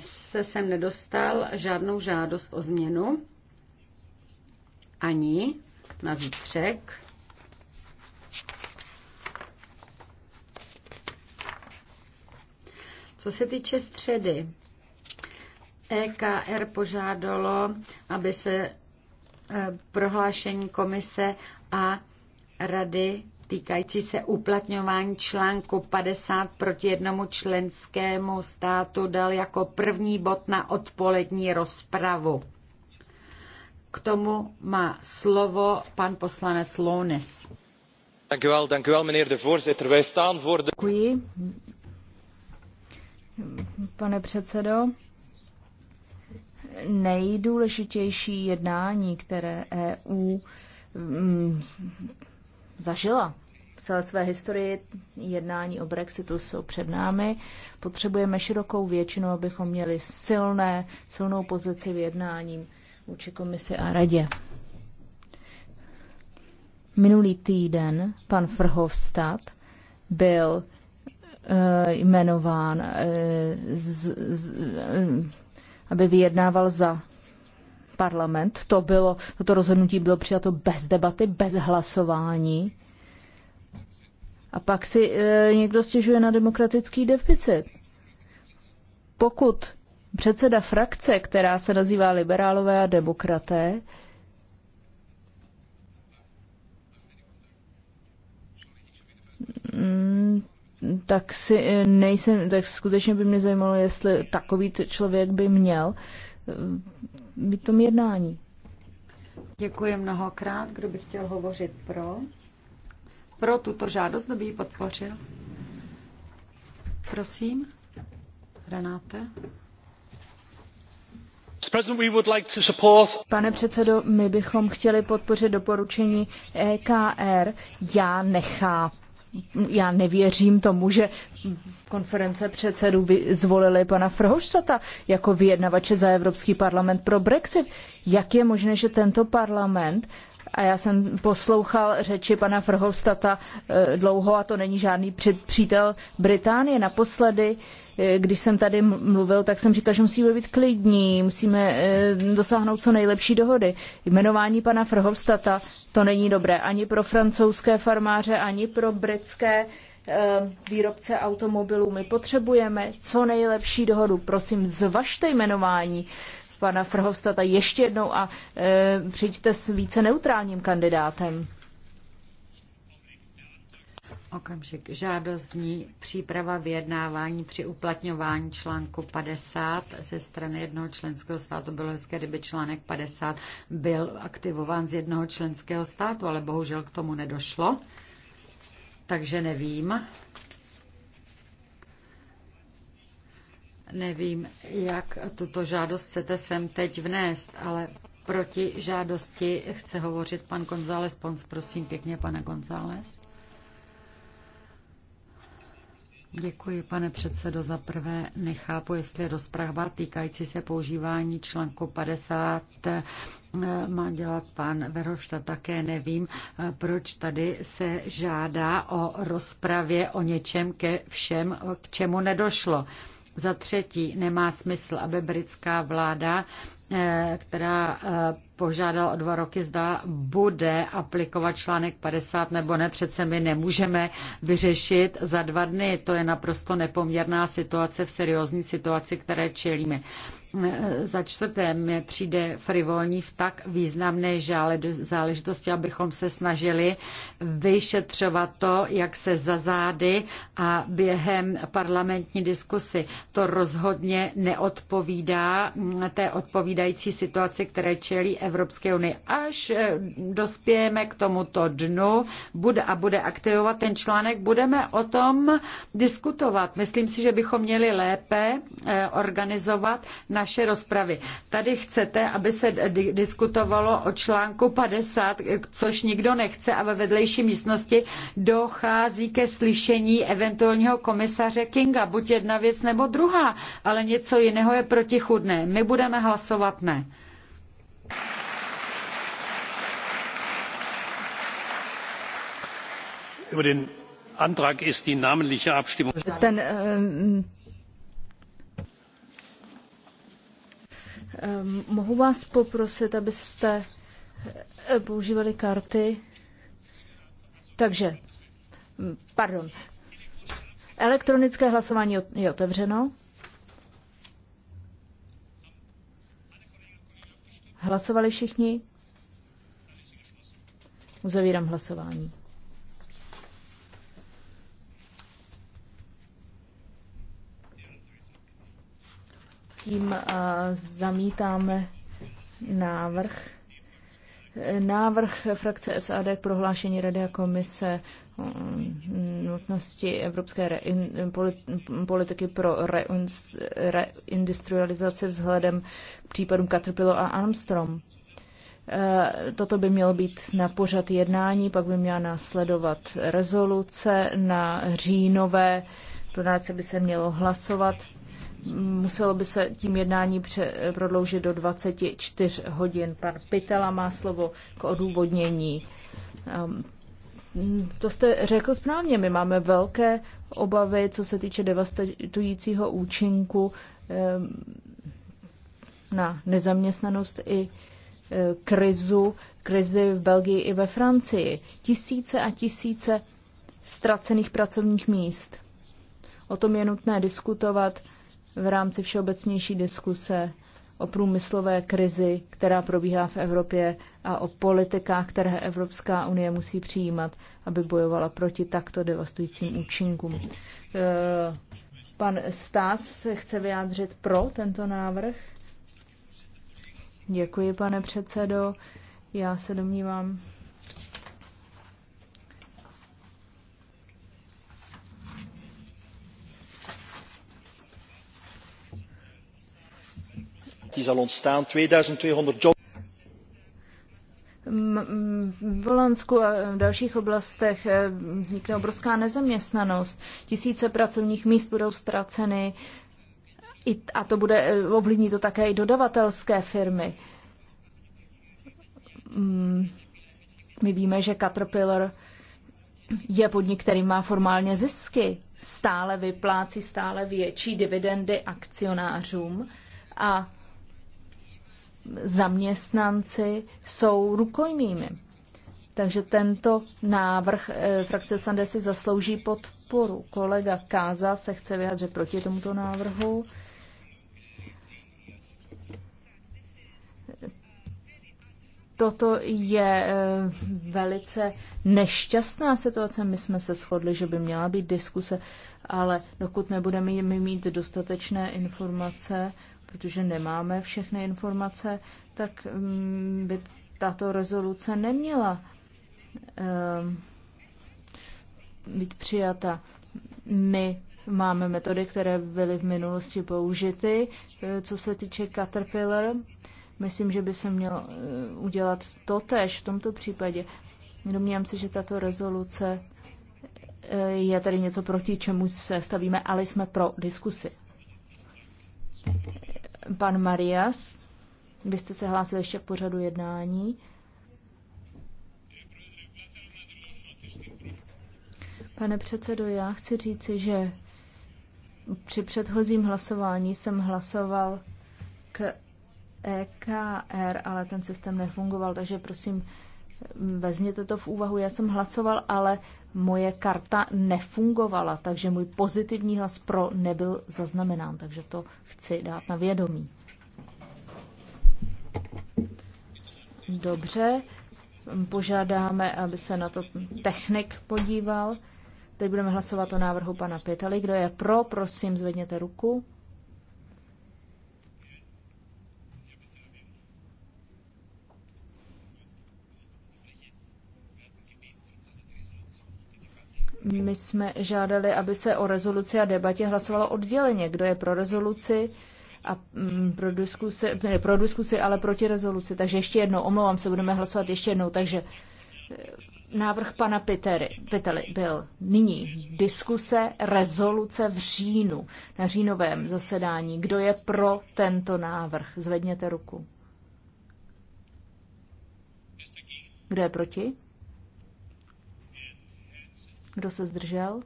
se sem nedostal žádnou žádost o změnu ani na zítřek. Co se týče středy, EKR požádalo, aby se eh, prohlášení komise a rady týkající se uplatňování článku 50 proti jednomu členskému státu dal jako první bod na odpolední rozpravu. K tomu má slovo pan poslanec Lounes. Děkuji, pane předsedo. Nejdůležitější jednání, které EU mm, zažila v celé své historii. Jednání o Brexitu jsou před námi. Potřebujeme širokou většinu, abychom měli silné, silnou pozici v jednání vůči komisi a radě. Minulý týden pan Frhovstad byl eh, jmenován, eh, z, z, eh, aby vyjednával za parlament. To bylo, toto rozhodnutí bylo přijato bez debaty, bez hlasování. A pak si e, někdo stěžuje na demokratický deficit. Pokud předseda frakce, která se nazývá liberálové a demokraté, mm, tak si e, nejsem, tak skutečně by mě zajímalo, jestli takový člověk by měl v tom jednání. Děkuji mnohokrát. Kdo by chtěl hovořit pro? Pro tuto žádost, kdo by ji podpořil? Prosím, Renáte. Pane předsedo, my bychom chtěli podpořit doporučení EKR. Já nechápu já nevěřím tomu, že konference předsedů zvolili pana Frhoštata jako vyjednavače za Evropský parlament pro Brexit. Jak je možné, že tento parlament a já jsem poslouchal řeči pana Frhovstata eh, dlouho a to není žádný přítel Británie. Naposledy, eh, když jsem tady mluvil, tak jsem říkal, že musíme být klidní, musíme eh, dosáhnout co nejlepší dohody. Jmenování pana Frhovstata to není dobré ani pro francouzské farmáře, ani pro britské výrobce automobilů. My potřebujeme co nejlepší dohodu. Prosím, zvažte jmenování pana Frhovstata ještě jednou a e, přijďte s více neutrálním kandidátem. Okamžik. Žádost zní příprava vyjednávání při uplatňování článku 50 ze strany jednoho členského státu. Bylo hezké, kdyby článek 50 byl aktivován z jednoho členského státu, ale bohužel k tomu nedošlo, takže nevím. Nevím, jak tuto žádost chcete sem teď vnést, ale proti žádosti chce hovořit pan González Pons. Prosím pěkně, pane González. Děkuji, pane předsedo. Za prvé nechápu, jestli rozprava týkající se používání článku 50 eh, má dělat pan Verhošta, také nevím, eh, proč tady se žádá o rozpravě o něčem ke všem, k čemu nedošlo. Za třetí, nemá smysl, aby britská vláda, eh, která eh, požádal o dva roky, zda bude aplikovat článek 50 nebo ne. Přece my nemůžeme vyřešit za dva dny. To je naprosto nepoměrná situace v seriózní situaci, které čelíme. Za čtvrté mi přijde frivolní v tak významné záležitosti, abychom se snažili vyšetřovat to, jak se za zády a během parlamentní diskusy. To rozhodně neodpovídá té odpovídající situaci, které čelí Evropa Evropské unii. Až eh, dospějeme k tomuto dnu bude a bude aktivovat ten článek, budeme o tom diskutovat. Myslím si, že bychom měli lépe eh, organizovat naše rozpravy. Tady chcete, aby se diskutovalo o článku 50, eh, což nikdo nechce a ve vedlejší místnosti dochází ke slyšení eventuálního komisaře Kinga. Buď jedna věc nebo druhá, ale něco jiného je protichudné. My budeme hlasovat ne. über den antrag ist die namentliche abstimmung. Ehm, ehm, mohu vás poprosit abyste eh, používali karty takže hm, pardon elektronické hlasování je otevřeno hlasovali všichni uzavírám hlasování tím zamítáme návrh. Návrh frakce SAD k prohlášení Rady a komise mm, nutnosti evropské rein, politiky pro reindustrializaci vzhledem k případům Caterpillar a Armstrong. E, toto by mělo být na pořad jednání, pak by měla následovat rezoluce na říjnové plenárce by se mělo hlasovat muselo by se tím jednání prodloužit do 24 hodin. Pan Pitela má slovo k odůvodnění. Ehm, to jste řekl správně, my máme velké obavy, co se týče devastujícího účinku ehm, na nezaměstnanost i e, krizu, krizi v Belgii i ve Francii. Tisíce a tisíce ztracených pracovních míst. O tom je nutné diskutovat v rámci všeobecnější diskuse o průmyslové krizi, která probíhá v Evropě a o politikách, které Evropská unie musí přijímat, aby bojovala proti takto devastujícím účinkům. E, pan Stás se chce vyjádřit pro tento návrh. Děkuji, pane předsedo. Já se domnívám, die zal ontstaan. 2200 jobs. V Holandsku a v dalších oblastech eh, vznikne obrovská nezaměstnanost. Tisíce pracovních míst budou ztraceny a to bude, eh, ovlivní to také i dodavatelské firmy. Mm, my víme, že Caterpillar je podnik, který má formálně zisky, stále vyplácí stále větší dividendy akcionářům a zaměstnanci jsou rukojmími. Takže tento návrh eh, frakce Sande si zaslouží podporu. Kolega Káza se chce vyjádřit proti tomuto návrhu. Toto je eh, velice nešťastná situace. My jsme se shodli, že by měla být diskuse, ale dokud nebudeme mít dostatečné informace, protože nemáme všechny informace, tak mm, by tato rezoluce neměla ehm, být přijata. My máme metody, které byly v minulosti použity, eh, co se týče Caterpillar. Myslím, že by se měl eh, udělat to tež v tomto případě. Domnívám se, že tato rezoluce eh, je tady něco proti čemu se stavíme, ale jsme pro diskusy. Pan Marias, vy jste se hlásil ještě k pořadu jednání. Pane předsedo, já chci říci, že při předchozím hlasování jsem hlasoval k EKR, ale ten systém nefungoval, takže prosím, vezměte to v úvahu. Já jsem hlasoval, ale moje karta nefungovala, takže můj pozitivní hlas pro nebyl zaznamenán, takže to chci dát na vědomí. Dobře, požádáme, aby se na to technik podíval. Teď budeme hlasovat o návrhu pana Pěteli. Kdo je pro, prosím, zvedněte ruku. My jsme žádali, aby se o rezoluci a debatě hlasovalo odděleně. Kdo je pro rezoluci a mm, pro diskusi, ne, pro diskusi, ale proti rezoluci. Takže ještě jednou, omlouvám se, budeme hlasovat ještě jednou. Takže e, návrh pana Pitery, Pitely byl nyní diskuse rezoluce v říjnu, na říjnovém zasedání. Kdo je pro tento návrh? Zvedněte ruku. Kdo je proti? Kdo se zdržel?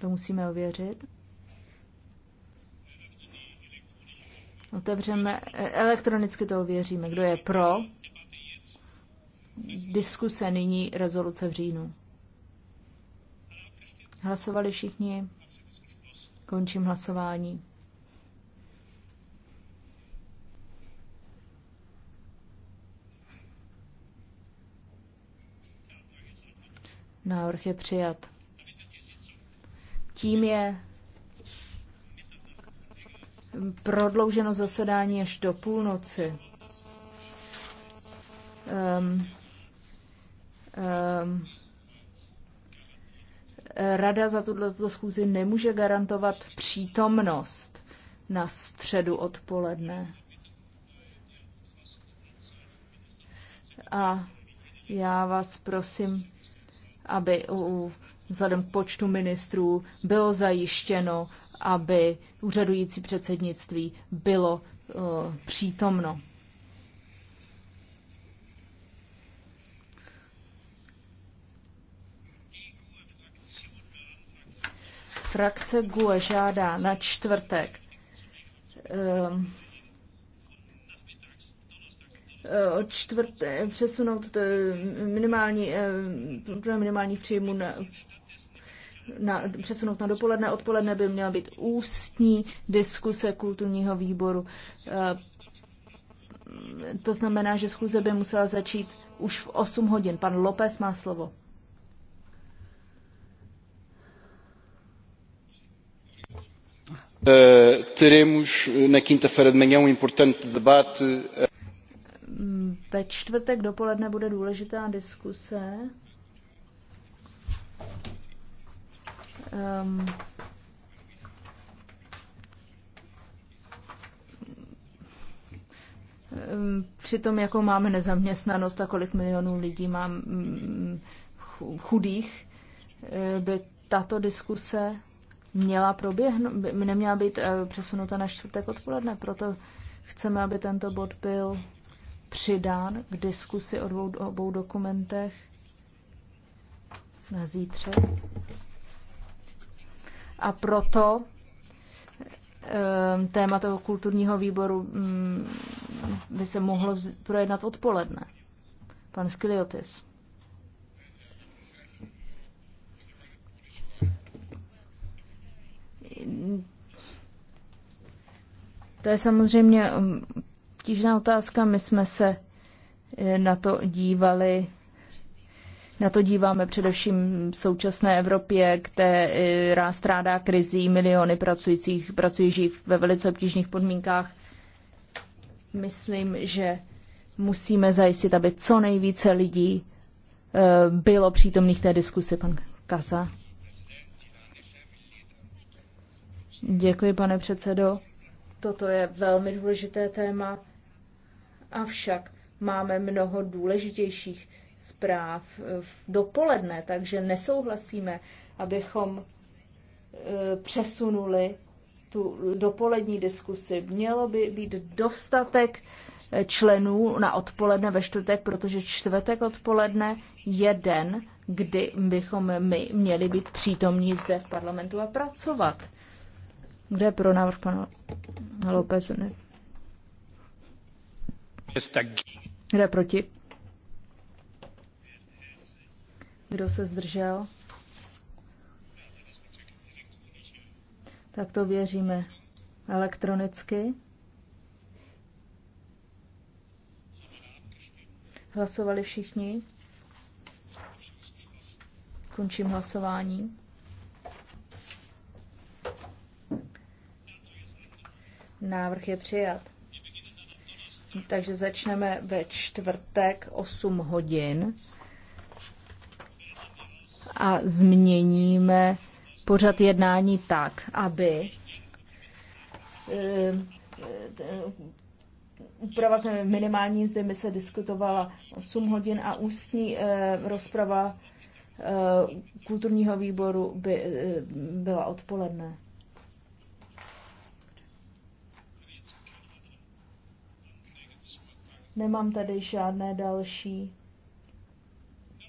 To musíme ověřit. Otevřeme, elektronicky to ověříme. Kdo je pro? Diskuse nyní, rezoluce v říjnu. Hlasovali všichni? Končím hlasování. Návrh je přijat. Tím je prodlouženo zasedání až do půlnoci. Um, um, Rada za tuto schůzi nemůže garantovat přítomnost na středu odpoledne. A já vás prosím, aby vzhledem k počtu ministrů bylo zajištěno, aby úřadující předsednictví bylo uh, přítomno. Frakce GUE žádá na čtvrtek um, Eh, od čtvrté, přesunout eh, minimální, eh, minimální příjmu na, na, přesunout na dopoledne. Odpoledne by měla být ústní diskuse kulturního výboru. To znamená, že schůze by musela začít už v 8 hodin. Pan López má slovo. teremos na quinta-feira de manhã um importante debate. Ve čtvrtek dopoledne bude důležitá diskuse. Um, ehm, ehm, při tom, jakou máme nezaměstnanost a kolik milionů lidí mám mm, chudých, eh, by tato diskuse měla proběhnout, by neměla být eh, přesunuta na čtvrtek odpoledne. Proto chceme, aby tento bod byl přidán k diskusi o dvou, obou dokumentech na zítře. A proto ehm, téma toho kulturního výboru mm, by se mohlo projednat odpoledne. Pan Skiliotis. To je samozřejmě mm, obtížná otázka. My jsme se eh, na to dívali, na to díváme především v současné Evropě, která eh, strádá krizí, miliony pracujících pracují ve velice obtížných podmínkách. Myslím, že musíme zajistit, aby co nejvíce lidí eh, bylo přítomných té diskusi, pan Kasa. Děkuji, pane předsedo. Toto je velmi důležité téma Avšak máme mnoho důležitějších zpráv eh, v dopoledne, takže nesouhlasíme, abychom eh, přesunuli tu dopolední diskusi. Mělo by být dostatek eh, členů na odpoledne ve čtvrtek, protože čtvrtek odpoledne je den, kdy bychom my měli být přítomní zde v parlamentu a pracovat. Kde je pro návrh pana López? Kdo je proti? Kdo se zdržel? Tak to věříme elektronicky. Hlasovali všichni? Končím hlasování. Návrh je přijat. Takže začneme ve čtvrtek 8 hodin a změníme pořad jednání tak, aby eh, úprava minimální zde by se diskutovala 8 hodin a ústní eh, rozprava eh, kulturního výboru by byla odpoledne. Nemám tady žádné další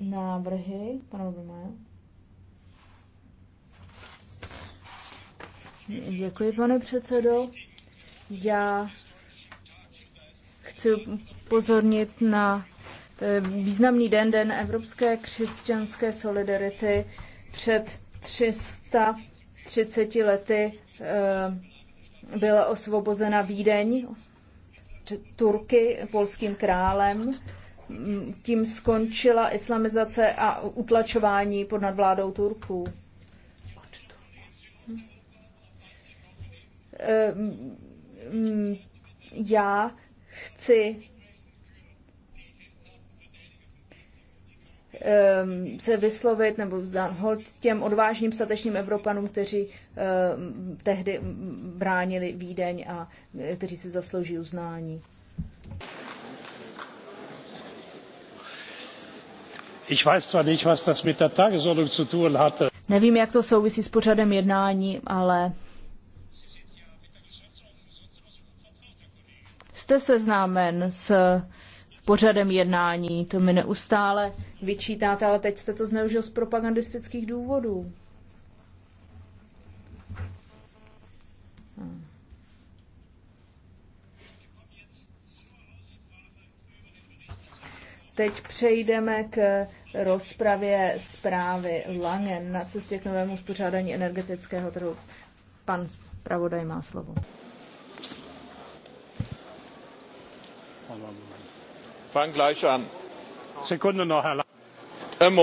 návrhy. Panovíme. Děkuji, pane předsedo. Já chci pozornit na eh, významný den, den Evropské křesťanské solidarity před 330 lety eh, byla osvobozena Vídeň Turky, polským králem. Tím skončila islamizace a utlačování pod nadvládou Turků. Ehm, ehm, já chci Ehm, se vyslovit nebo vzdát hold těm odvážným statečným Evropanům, kteří ehm, tehdy bránili Vídeň a e, kteří si zaslouží uznání. Ich weiß zwar nicht, was das mit der Tagesordnung zu tun hatte. Nevím, jak to souvisí s pořadem jednání, ale jste seznámen s pořadem jednání. To mi neustále vyčítáte, ale teď jste to zneužil z propagandistických důvodů. Teď přejdeme k rozpravě zprávy Langen na cestě k novému spořádání energetického trhu. Pan zpravodaj má slovo. Ano fangen gleich an.